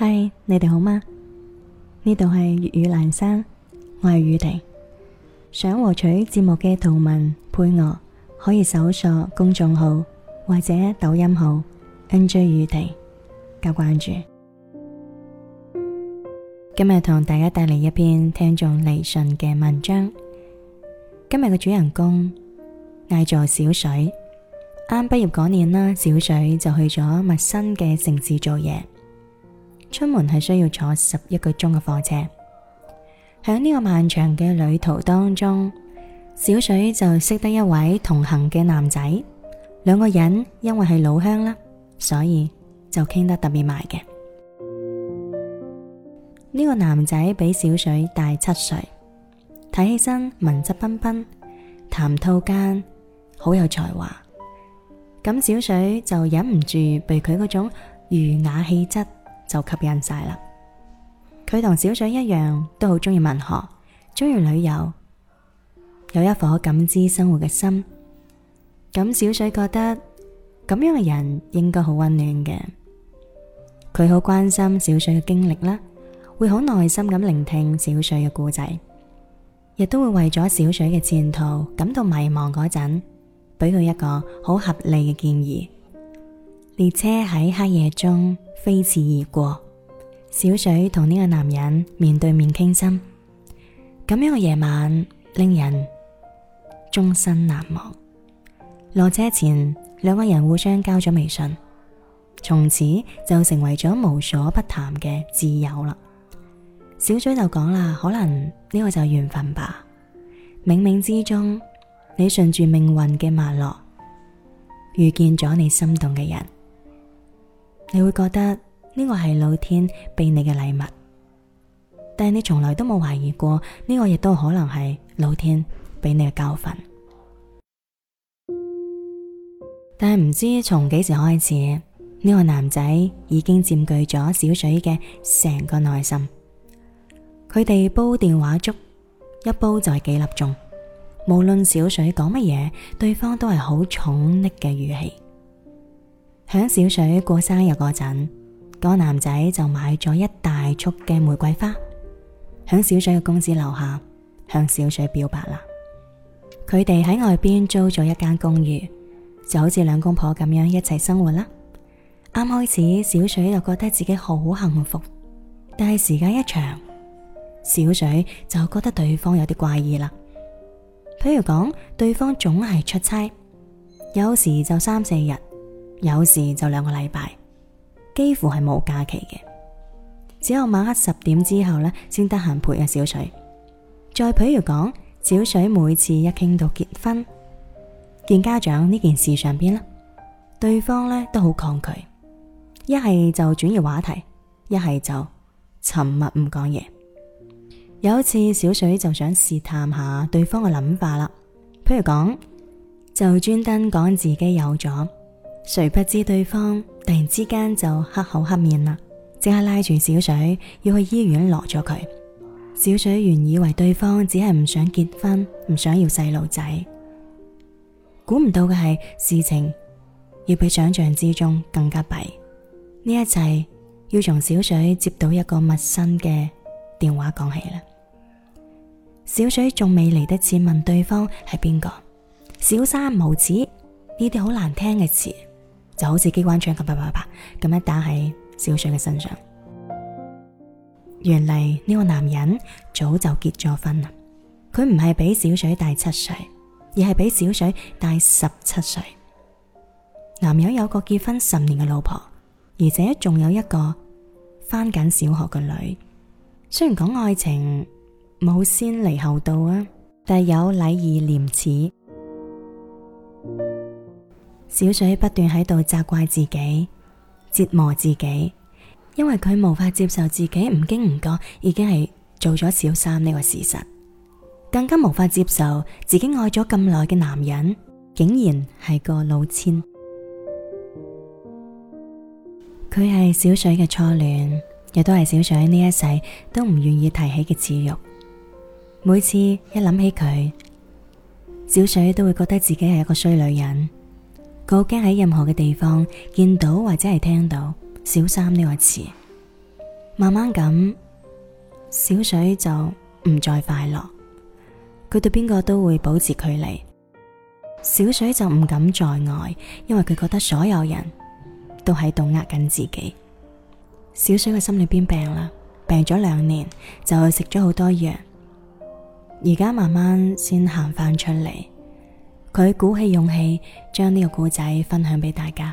嗨，Hi, 你哋好嗎？呢度係粵語蘭山，我係宇婷。想獲取節目嘅圖文配樂，可以搜索公眾號或者抖音號 NJ 宇婷加關注。今日同大家帶嚟一篇聽眾嚟信嘅文章。今日嘅主人公叫做小水。啱畢業嗰年啦，小水就去咗陌生嘅城市做嘢。出門係需要坐十一個鐘嘅火車，響呢個漫長嘅旅途當中，小水就識得一位同行嘅男仔。兩個人因為係老鄉啦，所以就傾得特別埋嘅。呢個男仔比小水大七歲，睇起身文質彬彬，談吐間好有才華。咁小水就忍唔住被佢嗰種儒雅氣質。就吸引晒啦！佢同小水一樣都好中意文學，中意旅遊，有一顆感知生活嘅心。咁小水覺得咁樣嘅人應該好溫暖嘅。佢好關心小水嘅經歷啦，會好耐心咁聆聽小水嘅故仔，亦都會為咗小水嘅前途感到迷茫嗰陣，俾佢一個好合理嘅建議。列車喺黑夜中。飛馳而過，小水同呢個男人面對面傾心，咁樣嘅夜晚令人終身難忘。落車前，兩個人互相交咗微信，從此就成為咗無所不談嘅摯友啦。小水就講啦，可能呢個就係緣分吧，冥冥之中，你順住命運嘅脈絡，遇見咗你心動嘅人。你會覺得呢個係老天俾你嘅禮物，但係你從來都冇懷疑過呢個亦都可能係老天俾你嘅教訓。但係唔知從幾時開始，呢個男仔已經佔據咗小水嘅成個內心。佢哋煲電話粥，一煲就係幾粒鐘。無論小水講乜嘢，對方都係好寵溺嘅語氣。響小水過生日嗰陣，個男仔就買咗一大束嘅玫瑰花，響小水嘅公司樓下向小水表白啦。佢哋喺外邊租咗一間公寓，就好似兩公婆咁樣一齊生活啦。啱開始，小水就覺得自己好幸福，但係時間一長，小水就覺得對方有啲怪異啦。譬如講，對方總係出差，有時就三四日。有時就兩個禮拜，幾乎係冇假期嘅，只有晚黑十點之後呢，先得閒陪阿小水。再譬如講，小水每次一傾到結婚見家長呢件事上邊咧，對方呢都好抗拒，一係就轉移話題，一係就沉默唔講嘢。有一次，小水就想試探下對方嘅諗法啦，譬如講就專登講自己有咗。誰不知對方突然之間就黑口黑面啦，即刻拉住小水要去醫院攞咗佢。小水原以為對方只係唔想結婚，唔想要細路仔，估唔到嘅係事情要比想象之中更加弊。呢一切要從小水接到一個陌生嘅電話講起啦。小水仲未嚟得切問對方係邊個，小三無恥、無子呢啲好難聽嘅詞。就好似機關槍咁，啪啪啪咁樣打喺小水嘅身上。原嚟呢個男人早就結咗婚啦，佢唔係比小水大七歲，而係比小水大十七歲。男人有個結婚十年嘅老婆，而且仲有一個翻緊小學嘅女。雖然講愛情冇先嚟後到啊，但有禮義廉恥。小水不斷喺度責怪自己，折磨自己，因為佢無法接受自己唔經唔覺已經係做咗小三呢個事實，更加無法接受自己愛咗咁耐嘅男人竟然係個老千。佢係小水嘅初戀，亦都係小水呢一世都唔願意提起嘅恥辱。每次一諗起佢，小水都會覺得自己係一個衰女人。好驚喺任何嘅地方見到或者係聽到小三呢個詞，慢慢咁小水就唔再快樂，佢對邊個都會保持距離。小水就唔敢再愛，因為佢覺得所有人都喺度呃緊自己。小水嘅心裏邊病啦，病咗兩年就食咗好多藥，而家慢慢先行翻出嚟。佢鼓起勇氣將呢個故仔分享俾大家。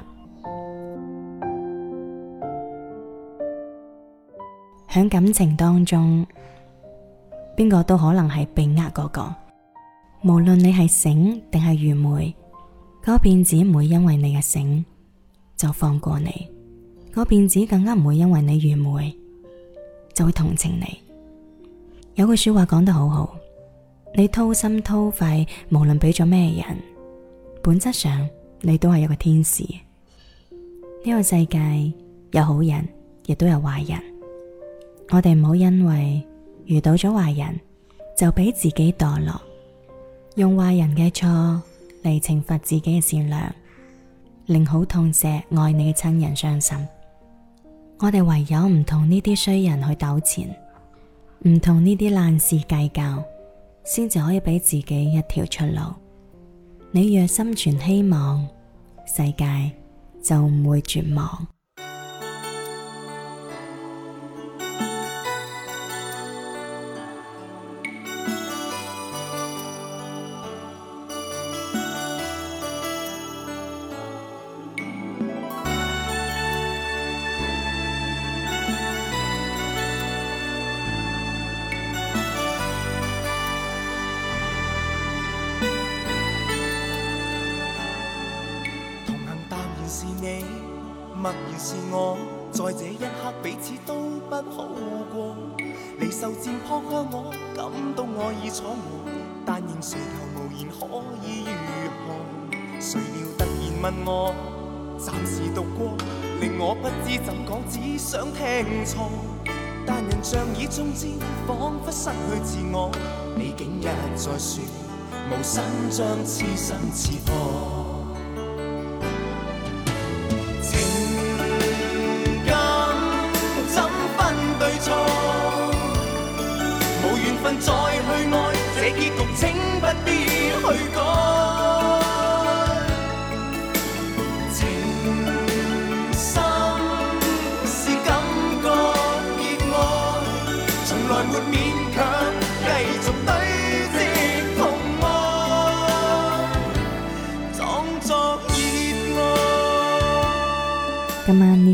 喺感情當中，邊個都可能係被呃嗰個。無論你係醒定係愚昧，嗰騙子唔會因為你嘅醒就放過你，嗰騙子更加唔會因為你愚昧就會同情你。有句說話講得好好。你掏心掏肺，無論俾咗咩人，本質上你都係一個天使。呢、這個世界有好人，亦都有壞人。我哋唔好因為遇到咗壞人，就俾自己墮落，用壞人嘅錯嚟懲罰自己嘅善良，令好痛錫愛你嘅親人傷心。我哋唯有唔同呢啲衰人去糾纏，唔同呢啲爛事計較，先就可以畀自己一條出路。你若心存希望，世界就唔會絕望。默然是我，在這一刻彼此都不好過。你愁漸迫近我，感到愛意闖禍，但迎垂頭無言可以如何？誰料突然問我，暫時獨過，令我不知怎講，只想聽錯。但人像已中箭，仿佛失去自我。你竟一再說，無心將痴心刺破。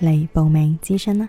嚟報名諮詢啦！